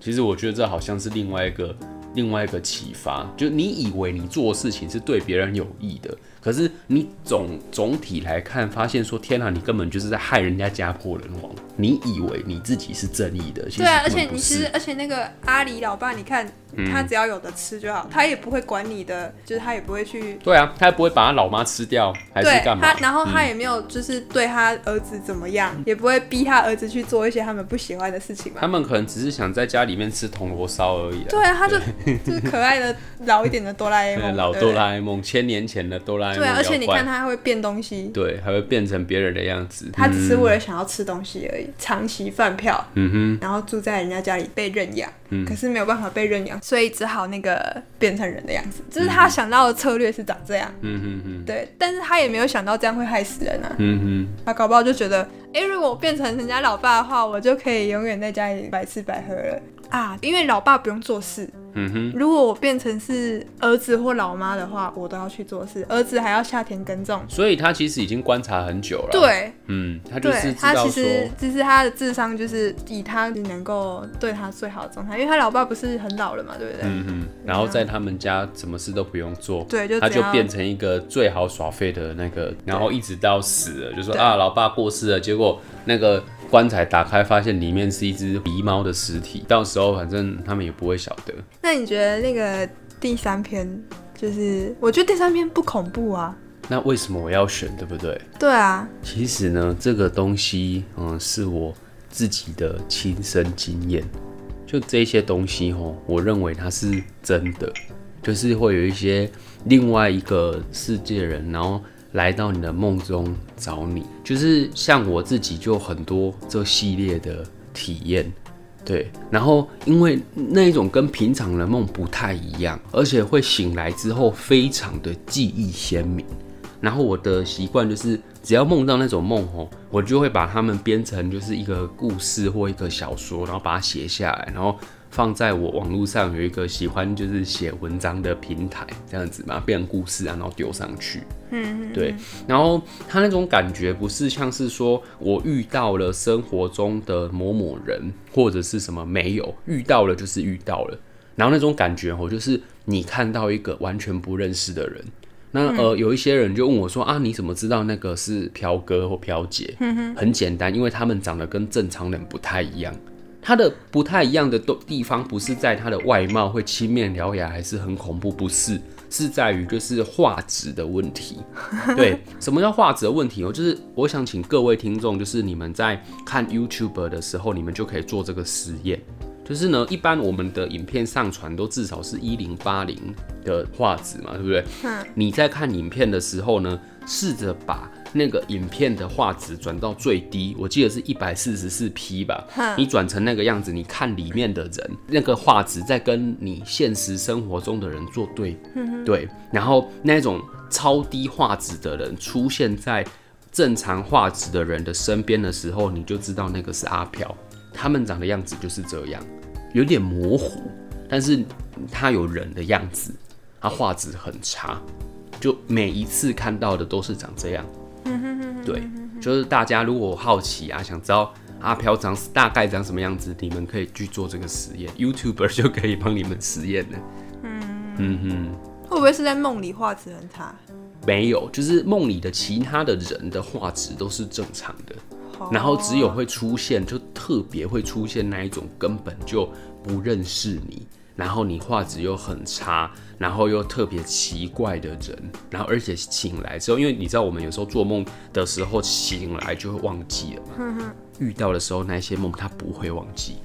其實我覺得這好像是另外一個另外一個啟發，就你以為你做事情是對別人有益的。可是你總總體來看，發現說天哪，你根本就是在害人家家破人亡。你以為你自己是正義的，其實根本不是。對，而且你其實，而且那個阿狸老爸，你看，嗯、他只要有的吃就好，他也不會管你的，就是他也不會去。對啊，他也不會把他老媽吃掉還是幹嘛？他然後他也沒有就是對他兒子怎麼樣，嗯，也不會逼他兒子去做一些他們不喜歡的事情。他們可能只是想在家裡面吃銅鑼燒而已。對啊，他就就是可愛的 老一點的哆啦 A 夢，對對，老哆啦 A 夢，千年前的哆啦。對啊，而且你看，他還會變東西，對，還會變成別人的樣子、嗯。他只是為了想要吃東西而已，長期飯票，嗯哼，然後住在人家家裡被認養，嗯，可是沒有辦法被認養，所以只好那個變成人的樣子，就是他想到的策略是長這樣，嗯嗯嗯，對，但是他也沒有想到這樣會害死人啊，嗯哼，他搞不好就覺得，哎、欸，如果我變成人家老爸的話，我就可以永遠在家裡白吃白喝了啊，因為老爸不用做事。嗯哼，如果我變成是兒子或老媽的話，我都要去做事。兒子還要下田耕種，所以他其實已經觀察很久了。對，嗯，他就是知道說，對，他其實就是他的智商，就是以他能夠對他最好的狀態，因為他老爸不是很老了嘛，對不對？嗯嗯。然後在他們家什麼事都不用做，對就，他就變成一個最好耍廢的那個，然後一直到死了，就說啊，老爸過世了，結果那個。棺材打開，發現裡面是一隻狸貓的屍體。到時候反正他們也不會曉得。那你覺得那個第三篇，就是我覺得第三篇不恐怖啊？那為什麼我要選，對不對？對啊。其實呢，這個東西，嗯，是我自己的親身經驗。就這些東西吼、喔，我認為它是真的。就是會有一些另外一個世界人，然後。來到你的夢中找你，就是像我自己，就有很多這系列的體驗，對。然後因為那一種跟平常的夢不太一樣，而且會醒來之後非常的記憶鮮明。然後我的習慣就是，只要夢到那種夢吼，我就會把它們編成就是一個故事或一個小說，然後把它寫下來，然後。放在我網絡上有一個喜歡就是寫文章的平台，這樣子嘛，變成故事然後丟上去。嗯，對。然後他那種感覺不是像是說我遇到了生活中的某某人或者是什麼，沒有遇到了就是遇到了，然後那種感覺哦，就是你看到一個完全不認識的人。那呃，有一些人就問我說啊，你怎麼知道那個是飄哥或飄姐？嗯，很簡單，因為他們長得跟正常人不太一樣。它的不太一樣的地方，不是在它的外貌會青面獠牙還是很恐怖，不是，是在於就是畫質的問題。對，什麼叫畫質的問題哦？就是我想請各位聽眾，就是你們在看 YouTuber 的時候，你們就可以做這個實驗。就是呢，一般我們的影片上傳都至少是一零八零的畫質嘛，對不對，嗯？你在看影片的時候呢，試着把那個影片的畫質轉到最低，我記得是一百四十四 P 吧。嗯、你轉成那個樣子，你看裡面的人，那個畫質在跟你現實生活中的人做對比，對，對、嗯。然後那種超低畫質的人出現在正常畫質的人的身邊的時候，你就知道那個是阿飄。他們長的樣子就是這樣，有點模糊，但是他有人的樣子，他畫質很差，就每一次看到的都是長這樣。嗯哼哼。對，就是大家如果好奇啊，想知道阿飄長大概長什麼樣子，你們可以去做這個實驗，YouTuber 就可以幫你們實驗呢。嗯嗯嗯，會不會是在夢裡畫質很差？沒有，就是夢裡的其他的人的畫質都是正常的。然後只有會出現，就特別會出現那一種根本就不認識你，然後你畫質又很差，然後又特別奇怪的人，然後而且醒來之後，因為你知道我們有時候做夢的時候醒來就會忘記了嘛， 遇到的時候那些夢他不會忘記，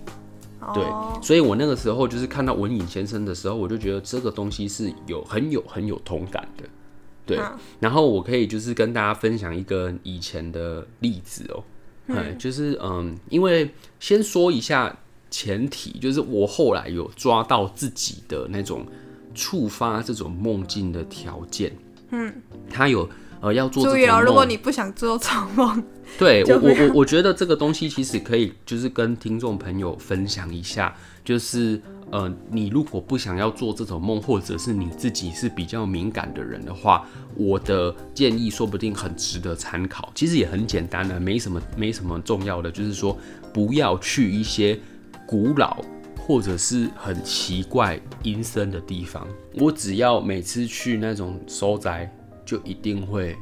對，所以我那個時候就是看到文穎先生的時候，我就覺得這個東西是有很有很有同感的，對， 然後我可以就是跟大家分享一個以前的例子哦。嗯嗯，就是嗯，因為先說一下前提，就是我後來有抓到自己的那種觸發這種夢境的條件。嗯，他有呃要做長夢，注意了，哦，如果你不想做長夢。對，我我我我覺得這個東西其實可以就是跟聽眾朋友分享一下，就是呃，你如果不想要做這種夢，或者是你自己是比較敏感的人的話，我的建議說不定很值得參考。其實也很簡單的，沒什麼沒什麼重要的，就是說不要去一些古老或者是很奇怪陰森的地方。我只要每次去那種收宅，就一定會。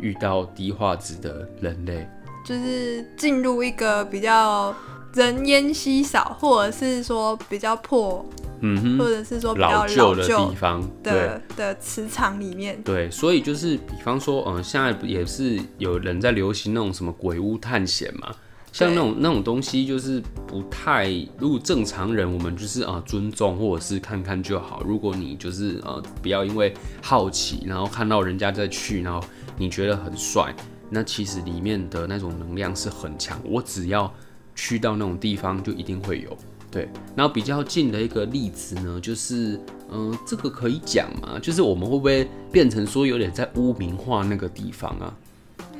遇到低畫質的人類，就是進入一個比較人煙稀少，或者是說比較破，嗯哼，或者是說比較老舊的，的地方的的磁場裡面。對，所以就是比方說，嗯、呃，現在也是有人在流行那種什麼鬼屋探險嘛，像那種那種東西，就是不太如果正常人，我們就是啊、呃、尊重，或者是看看就好。如果你就是呃，不要因為好奇，然後看到人家在去，然後。你覺得很帥，那其實裡面的那種能量是很強。我只要去到那種地方，就一定會有。對，然後比較近的一個例子呢，就是，嗯、呃，這個可以講嘛？就是我們會不會變成說有點在汙名化那個地方啊？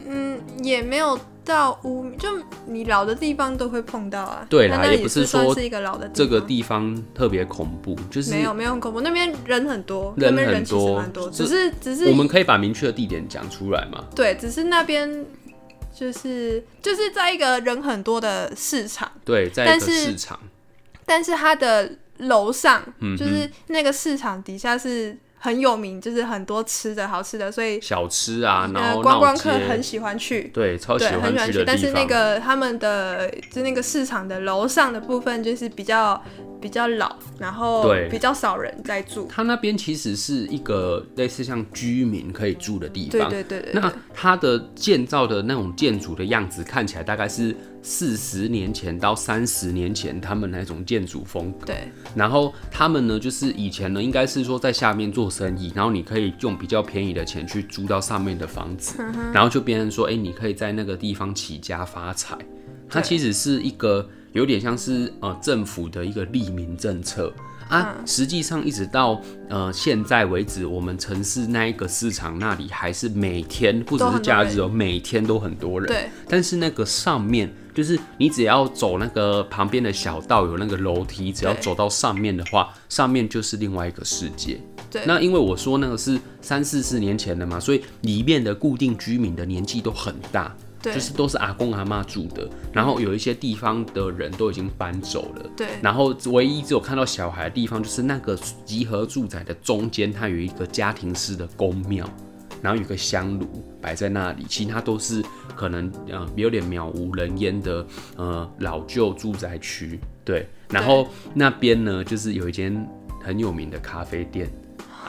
嗯，也沒有。到烏，就你老的地方都會碰到啊。對那,那也是,也不是說算是一個老的地方這個地方特別恐怖，就是、就是、沒有沒有很恐怖，那邊人,人很多，那邊人其實蠻多，只是只是我們可以把明確的地點講出來嘛。對，只是那邊就是就是在一個人很多的市場，對，在一個市場，但是,但是它的樓上、嗯、就是那個市場底下是。很有名，就是很多吃的、好吃的，所以小吃啊，然後呃，觀光客很喜歡去，對，超喜歡去，很喜歡去，但是那個他們的就那個市場的樓上的部分，就是比較。比較老，然後比較少人在住。它那邊其實是一個類似像居民可以住的地方。嗯、對對對，對，對，對。那它的建造的那種建築的樣子，看起來大概是四十年前到三十年前他們那種建築風格。對。然後他們呢，就是以前呢，應該是說在下面做生意，然後你可以用比較便宜的錢去租到上面的房子，嗯、然後就別人說，哎、欸，你可以在那個地方起家發財。它其實是一個。有點像是呃政府的一個利民政策啊，嗯、實際上一直到呃現在為止，我們城市那一個市場那裡還是每天，不只是假日哦，每天都很多人。對。但是那個上面，就是你只要走那個旁邊的小道，有那個樓梯，只要走到上面的話，上面就是另外一個世界。對。那因為我說那個是三四十年前的嘛，所以裡面的固定居民的年紀都很大。就是都是阿公阿媽住的，然後有一些地方的人都已經搬走了。對，然後唯一只有看到小孩的地方，就是那個集合住宅的中間，它有一個家庭式的宮廟，然後有個香爐擺在那裡，其他都是可能呃有點渺無人煙的呃老舊住宅區。對，然後那邊呢，就是有一間很有名的咖啡店。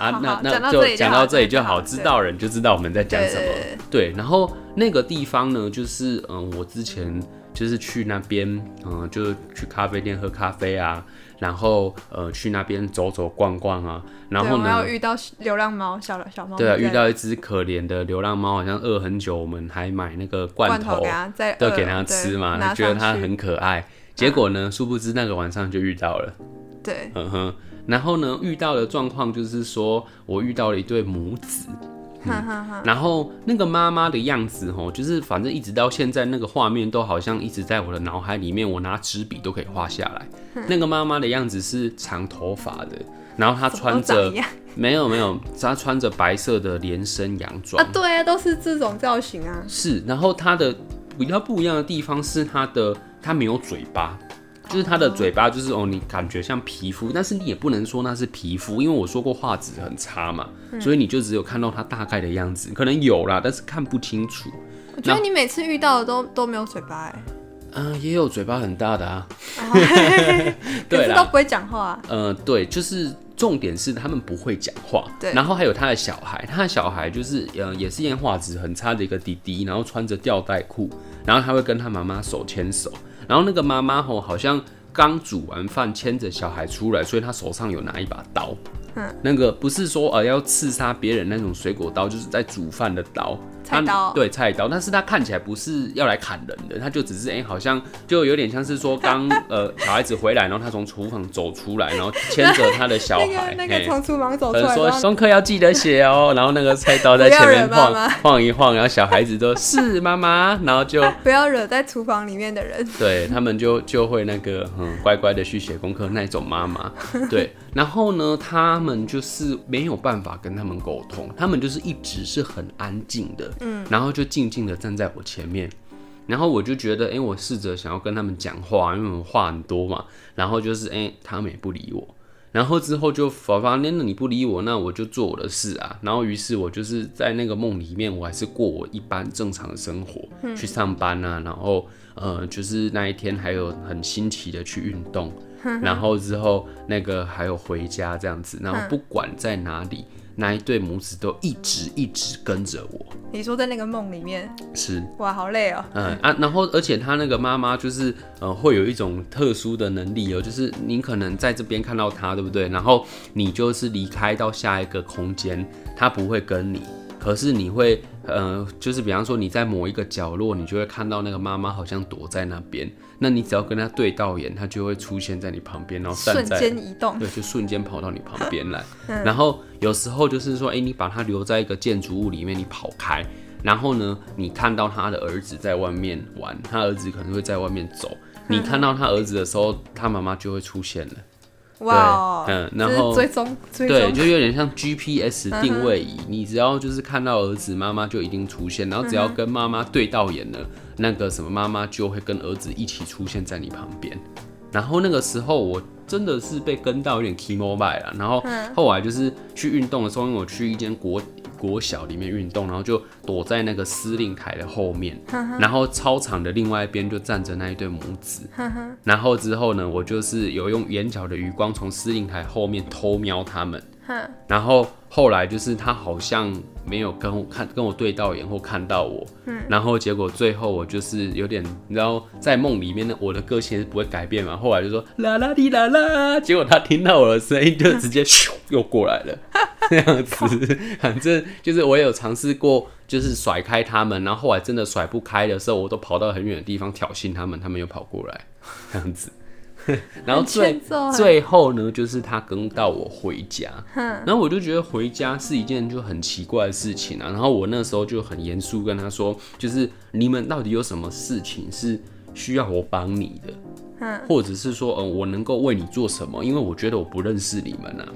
啊，好好，那那就講到，到這裡就好，知道人就知道我們在講什麼。對，對。然後那個地方呢，就是嗯，我之前就是去那邊，嗯，就是去咖啡店喝咖啡啊，然後呃，去那邊走走逛逛啊，然後呢，遇到流浪貓，小小貓，對啊，遇到一隻可憐的流浪貓，好像餓很久，我們還買那個罐頭，對，頭給它吃嘛，覺得它很可愛。結果呢，殊不知那個晚上就遇到了，對，嗯哼。然後呢，遇到的狀況就是說，我遇到了一對母子。嗯、 然後那個媽媽的樣子，哦，就是反正一直到現在，那個畫面都好像一直在我的腦海裡面，我拿紙筆都可以畫下來。 那個媽媽的樣子是長頭髮的，然後她穿着 沒有沒有，她穿着白色的連身洋裝，啊。對啊，都是這種造型啊。是，然後她的比較不一樣的地方是，她的她沒有嘴巴。就是他的嘴巴，就是哦，你感覺像皮膚，但是你也不能說那是皮膚，因為我說過畫質很差嘛、嗯，所以你就只有看到他大概的樣子，可能有啦，但是看不清楚。我覺得你每次遇到的都都沒有嘴巴哎、欸。嗯，也有嘴巴很大的啊。啊 對啦，可是都不會講話。嗯，對，就是重點是他們不會講話。對。然後還有他的小孩，他的小孩就是呃、嗯，也是一樣畫質很差的一個弟弟，然後穿着吊帶褲，然後他會跟他媽媽手牽手。然後那個媽媽吼，好像剛煮完飯，牽着小孩出來，所以她手上有拿一把刀。嗯，那個不是說呃要刺殺別人那種水果刀，就是在煮飯的刀，菜刀他，對，菜刀，但是他看起來不是要來砍人的，他就只是哎、欸，好像就有點像是說剛呃小孩子回來，然後他從廚房走出來，然後牽着他的小孩，那、那個從廚、那個、房走出來，說功課要記得寫哦，然後那個菜刀在前面晃晃一晃，然後小孩子都 是媽媽，然後就不要惹在廚房裡面的人，對他們就就會那個嗯乖乖的去寫功課那種媽媽，對，然後呢他。他們就是沒有辦法跟他們溝通，他們就是一直是很安靜的，嗯，然後就靜靜的站在我前面，然後我就覺得，哎、欸，我試着想要跟他們講話，因為我話很多嘛，然後就是，哎、欸，他們也不理我，然後之後就發發，那你不理我，那我就做我的事啊，然後於是，我就是在那個夢裡面，我還是過我一般正常的生活，去上班啊，然後，呃，就是那一天還有很新奇的去運動。 然後之後那個還有回家這樣子，然後不管在哪裡，那一對母子都一直一直跟着我。你說在那個夢裡面是哇，好累哦。嗯啊，然後而且他那個媽媽就是呃，會有一種特殊的能力哦，就是你可能在這邊看到他，對不對？然後你就是離開到下一個空間，他不會跟你，可是你會。呃，就是比方說你在某一個角落，你就會看到那個媽媽好像躲在那邊。那你只要跟她對到眼，她就會出現在你旁邊，然後瞬間移動，對，就瞬間跑到你旁邊來。然後有時候就是說，哎、欸，你把她留在一個建築物裡面，你跑開，然後呢，你看到她的兒子在外面玩，她兒子可能會在外面走，你看到她兒子的時候，她媽媽就會出現了。哇、wow,，嗯，然後對，就有點像 GPS 定位儀，uh -huh. 你只要就是看到兒子，媽媽就一定出現，然後只要跟媽媽對到眼了，uh -huh. 那個什麼媽媽就會跟兒子一起出現在你旁邊，然後那個時候我真的是被跟到有點 key mobile 了，然後後來就是去運動的時候，因為我去一間國。國小裡面運動，然後就躲在那個司令台的後面，然後操場的另外一邊就站着那一對母子，然後之後呢，我就是有用眼角的餘光從司令台後面偷瞄他們，然後。後來就是他好像沒有跟我看，跟我對到眼或看到我，嗯，然後結果最後我就是有點。然後在夢裡面呢，我的個性是不會改變嘛。後來就說啦啦滴啦啦，結果他聽到我的聲音就直接咻又過來了，那樣子。反正就是我也有嘗試過，就是甩開他們，然後後來真的甩不開的時候，我都跑到很遠的地方挑釁他們，他們又跑過來，這樣子。 然後最最後呢，就是他跟到我回家，然後我就覺得回家是一件就很奇怪的事情啊。然後我那時候就很嚴肅跟他說，就是你們到底有什麼事情是需要我幫你的，或者是說，嗯，我能夠為你做什麼？因為我覺得我不認識你們啊。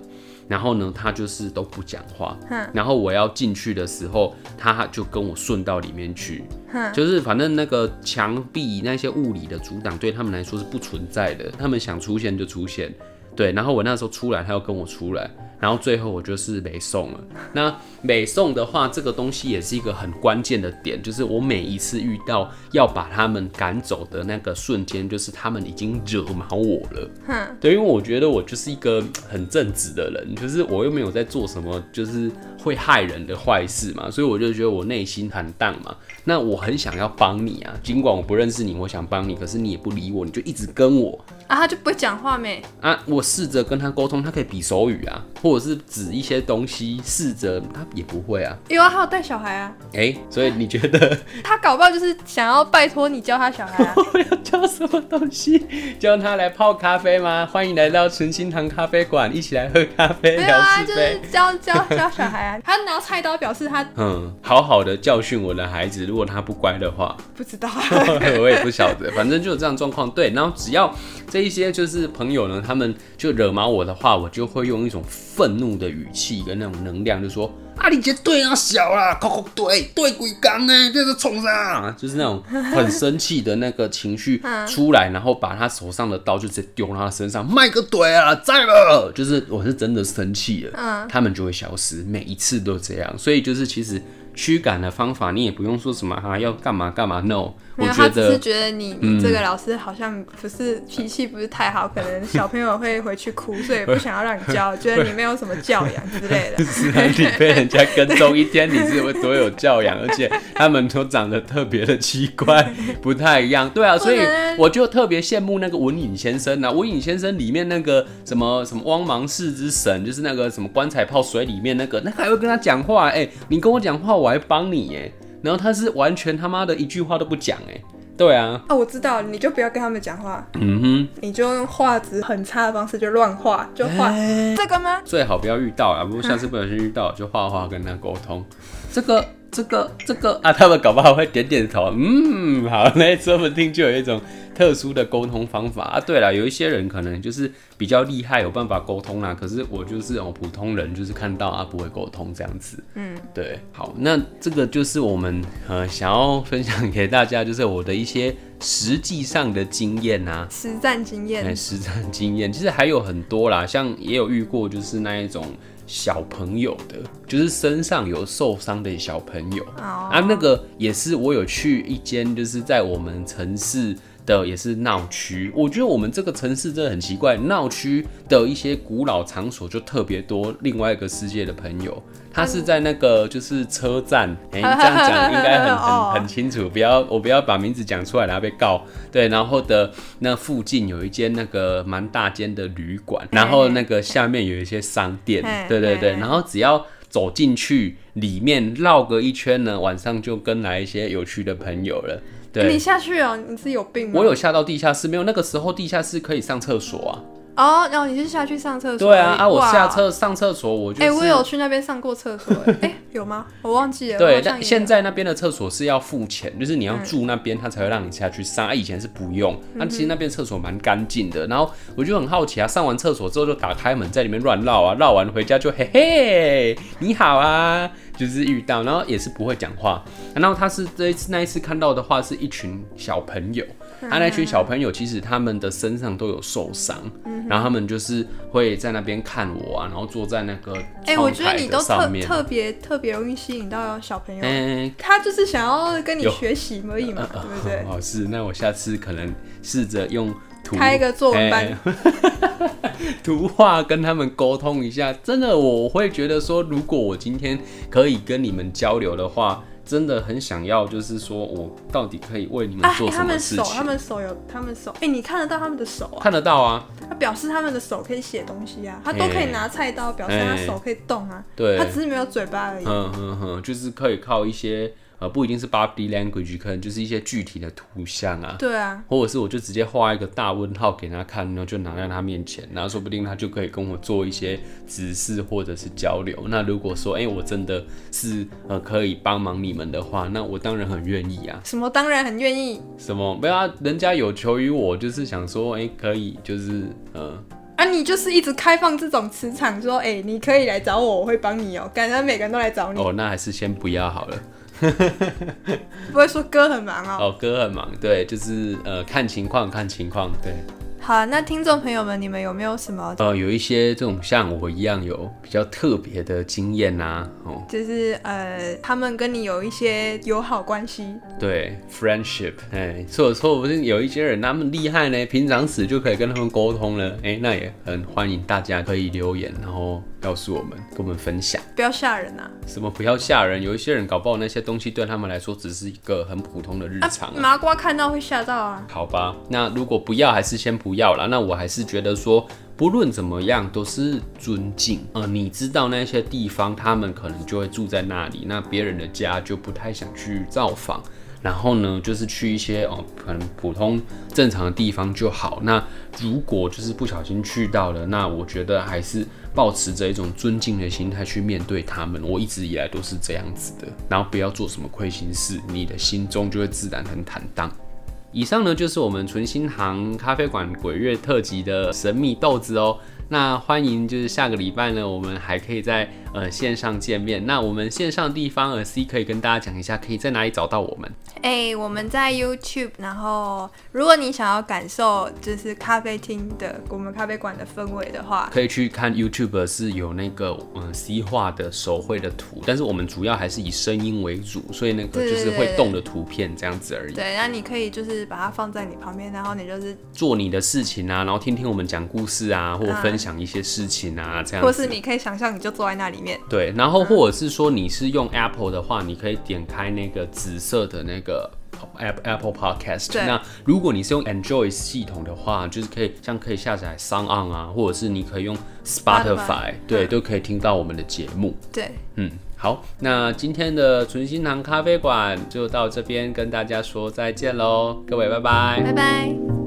然後呢，他就是都不講話，嗯。然後我要進去的時候，他就跟我順到裡面去，嗯。就是反正那個牆壁那些物理的阻擋對他們來說是不存在的，他們想出現就出現。對，然後我那時候出來，他又跟我出來。然後最後我就是沒送了。那沒送的話，這個東西也是一個很關鍵的點，就是我每一次遇到要把他們趕走的那個瞬間，就是他們已經惹毛我了。嗯，對，因為我覺得我就是一個很正直的人，就是我又沒有在做什麼就是會害人的壞事嘛，所以我就覺得我內心坦蕩嘛。那我很想要幫你啊，儘管我不認識你，我想幫你，可是你也不理我，你就一直跟我。啊，他就不會講話咩？啊，我試着跟他溝通，他可以比手語啊，或者是指一些東西，試着他也不會啊。因為、啊、他要帶小孩啊。哎、欸，所以你覺得 他搞不好就是想要拜託你教他小孩？啊？ 我要教什麼東西？教他來泡咖啡嗎？歡迎來到存心堂咖啡館，一起來喝咖啡，聊咖啡，對啊，就是教教教小孩啊。 他拿菜刀表示他嗯，好好的教訓我的孩子，如果他不乖的話。不知道， 我也不曉得，反正就有這樣狀況，對。然後只要。這一些就是朋友呢，他們就惹毛我的話，我就會用一種憤怒的語氣跟那種能量，就說：“啊，你絕對要小啊，哭哭懟懟鬼剛哎，就是衝上，就是那種很生氣的那個情緒出來，然後把他手上的刀就直接丟到他身上，賣個懟啊，在了，就是我是真的生氣了，他們就會消失，每一次都這樣，所以就是其實驅趕的方法，你也不用說什麼哈、啊，要幹嘛幹嘛，No。我沒有，他只是覺得你這個老師好像不是脾氣不是太好，嗯，可能小朋友會回去哭， 所以不想要讓你教，覺得你沒有什麼教養之類的。是 你被人家跟蹤一天， 你是有多有教養？而且他們都長得特別的奇怪，不太一樣。對啊，所以我就特別羨慕那個文穎先生呢。文穎先生裡面那個什麼什麼汪芒氏之神，就是那個什麼棺材泡水裡面那個，那還會跟他講話，欸。哎、欸，你跟我講話，我還幫你、欸然後他是完全他媽的一句話都不講哎。對啊，啊、哦、我知道，你就不要跟他們講話，嗯哼，你就用畫質很差的方式就亂畫，就畫這個嗎？最好不要遇到啊，不過下次不小心遇到就畫畫跟他溝通、嗯，這個、這個、這個啊，他們搞不好會點點頭，嗯，好嘞，說不定就有一種。特殊的溝通方法啊，對啦。有一些人可能就是比較厲害，有辦法溝通啦。可是我就是哦，普通人就是看到啊，不會溝通這樣子。嗯，對，好，那這個就是我們呃想要分享給大家，就是我的一些實際上的經驗啊，實戰經驗、嗯，實戰經驗。其實還有很多啦，像也有遇過，就是那一種小朋友的，就是身上有受傷的小朋友、哦、啊，那個也是我有去一間，就是在我們城市的也是鬧區，我覺得我們這個城市真的很奇怪，鬧區的一些古老場所就特別多。另外一個世界的朋友，他是在那個就是車站，哎，這樣講應該很很很清楚，不要我不要把名字講出來，然後被告。對，然後的那附近有一間那個蠻大間的旅館，然後那個下面有一些商店，對對對，然後只要走進去裡面繞個一圈呢，晚上就跟來一些有趣的朋友了。欸、你下去啊？你是有病嗎？我有下到地下室，沒有。那個時候地下室可以上廁所啊。哦、oh, no，然後你就下去上廁所。對啊，啊，我下廁上廁所我、就是，我、欸、哎，我有去那邊上過廁所，哎、 欸，有嗎？我忘記了。對，現在那邊的廁所是要付錢，就是你要住那邊、嗯，他才會讓你下去上。啊，以前是不用。那、嗯啊、其實那邊廁所蠻乾淨的。然後我就很好奇啊，上完廁所之後就打開門在裡面亂繞啊，繞完回家就嘿嘿，你好啊，就是遇到，然後也是不會講話。然後他是這一次那一次看到的話是一群小朋友。他、啊、那群小朋友其實他們的身上都有受傷、嗯，然後他們就是會在那邊看我啊，然後坐在那個上面。哎、欸，我覺得你都特特別特別容易吸引到小朋友。欸、他就是想要跟你學習而已嘛，對不對？好、啊、是，那我下次可能試着用圖開一個作文班，欸、 圖畫跟他們溝通一下。真的，我會覺得說，如果我今天可以跟你們交流的話。真的很想要，就是說我到底可以為你們做什麼事情。欸欸，他們手，他們手有，他們手，哎、欸，你看得到他們的手啊？看得到啊！他表示他們的手可以寫東西啊，他都可以拿菜刀，欸、表示他手可以動啊。對、欸，他只是沒有嘴巴而已。嗯嗯嗯，就是可以靠一些。啊、呃，不一定是 body language，可能就是一些具體的圖像啊，對啊，或者是我就直接畫一個大問號給他看，然後就拿在他面前，然後說不定他就可以跟我做一些指示或者是交流。那如果說，哎、欸，我真的是呃可以幫忙你們的話，那我當然很願意啊。什麼當然很願意？什麼不要人家有求於我，就是想說，哎、欸，可以，就是嗯、呃，啊，你就是一直開放這種磁場，說，哎、欸，你可以來找我，我會幫你哦、喔，感恩每個人都來找你。哦，那還是先不要好了。 不會說哥很忙啊、哦，哦，哥很忙，對，就是呃，看情況，看情況，對。好、啊，那聽眾朋友們，你們有沒有什麼？呃，有一些這種像我一樣有比較特別的經驗吶、啊，哦，就是呃，他們跟你有一些友好關係。對，friendship，哎，錯錯，不是有一些人那麼厲害呢，平常時就可以跟他們溝通了，哎、欸，那也很歡迎大家可以留言，然後。告訴我們，跟我們分享，不要嚇人吶、啊！什麼不要嚇人？有一些人搞不好那些東西對他們來說只是一個很普通的日常、啊啊。麻瓜看到會嚇到啊？好吧，那如果不要，還是先不要啦。那我還是覺得說，不論怎麼樣都是尊敬。呃，你知道那些地方，他們可能就會住在那裡，那別人的家就不太想去造訪。然後呢，就是去一些哦、呃，可能普通正常的地方就好。那如果就是不小心去到了，那我覺得還是。保持着一種尊敬的心態去面對他們，我一直以來都是這樣子的。然後不要做什麼虧心事，你的心中就會自然很坦蕩。以上呢就是我們存心堂咖啡館鬼月特輯的神秘豆子哦。那歡迎，就是下個禮拜呢，我們還可以在。呃，線上見面，那我們線上地方，呃，C 可以跟大家講一下，可以在哪裡找到我們？哎、欸，我們在 YouTube，然後如果你想要感受就是咖啡廳的我們咖啡館的氛圍的話，可以去看 YouTube 是有那個嗯、呃、C 畫的手繪的圖，但是我們主要還是以聲音為主，所以那個就是會動的圖片這樣子而已。對,對,對,對，那你可以就是把它放在你旁邊，然後你就是做你的事情啊，然後聽聽我們講故事啊，或分享一些事情啊,啊這樣。或是你可以想象你就坐在那裡面。對，然後或者是說你是用 Apple 的話，你可以點開那個紫色的那個 Apple Apple Podcast。那如果你是用 Android 系統的話，就是可以像可以下載 SoundOn 啊，或者是你可以用 Spotify，Spotify 對、嗯、對，都可以聽到我們的節目。對，嗯，好，那今天的存心堂咖啡館就到這邊跟大家說再見嘍，各位拜拜，拜拜。